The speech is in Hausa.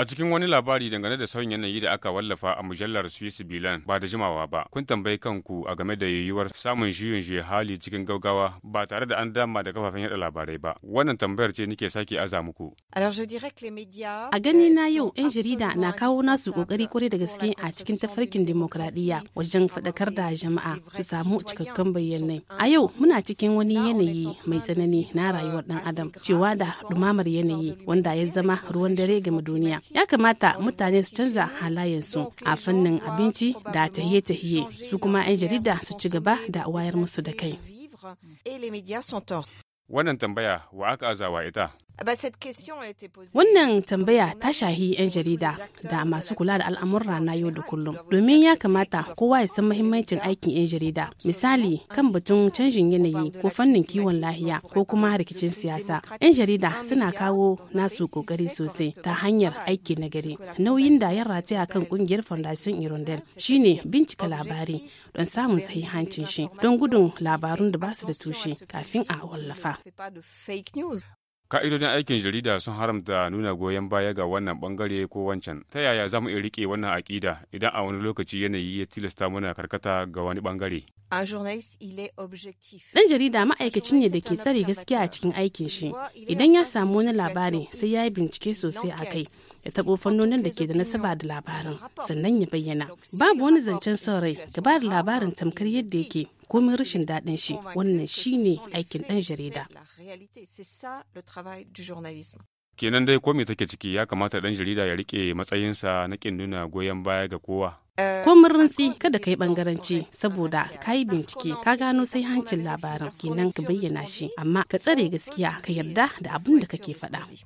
A cikin wani labari dangane da sauyin yanayi da aka wallafa a mujallar Swiss Bilan ba da jimawa ba, kun tambayi kanku a game da yiwuwar samun juyin juya hali cikin gaugawa ba tare da an dama da kafafen yada labarai ba. Wannan tambayar ce nike sake aza muku. A gani na yau euh, 'yan jarida na kawo nasu kokari kwarai da gaske a cikin tafarkin demokradiyya wajen faɗakar da jama'a su samu cikakken bayyanai. A yau muna cikin wani yanayi mai tsanani na rayuwar ɗan adam cewa da ɗumamar yanayi wanda ya zama ruwan dare game duniya. ya kamata mutane su canza halayensu a fannin abinci da tahiye-tahiye su kuma 'yan jarida su ci gaba da wayar musu da kai. Wannan tambaya wa aka azawa ita? Ah Wannan tambaya ta shahi 'yan jarida da masu kula da al'amurra na yau da kullum. Domin ya kamata kowa ya san mahimmancin aikin 'yan jarida. Misali kan batun canjin yanayi ko fannin kiwon lahiya ko kuma rikicin siyasa. 'Yan jarida suna kawo nasu kokari sosai ta hanyar aiki na gari. Nauyin da ya rataya kan kungiyar Fondation Irondel shine bincika labari don samun sahihancin shi don gudun labarun da ba su da tushe kafin a wallafa. Ka'idodin aikin jarida sun haramta nuna goyon baya ga wannan bangare ko wancan. Ta yaya za mu iya rike wannan aƙida idan a wani lokaci yanayi ya tilasta mana karkata ga wani bangare? Ɗan jarida ma'aikacin ne da ke tsare gaskiya a cikin aikin shi. Idan ya samu wani labari sai ya yi bincike sosai a kai. ya taɓo fannonin da ke da nasaba da labarin sannan ya bayyana babu wani zancen son rai gaba da labarin tamkar yadda yake komin rashin daɗin shi wannan shine aikin ɗan jarida réalité. C'est ça le travail du journalisme. kenan dai ko me take ciki ya kamata dan jarida ya rike matsayinsa na kin nuna goyon baya ga kowa eh, ko murrinsi kada ka yi bangaranci saboda ka yi bincike ka gano sai hancin labarin kenan ka bayyana shi amma ka tsare gaskiya ka yarda da abin da kake faɗa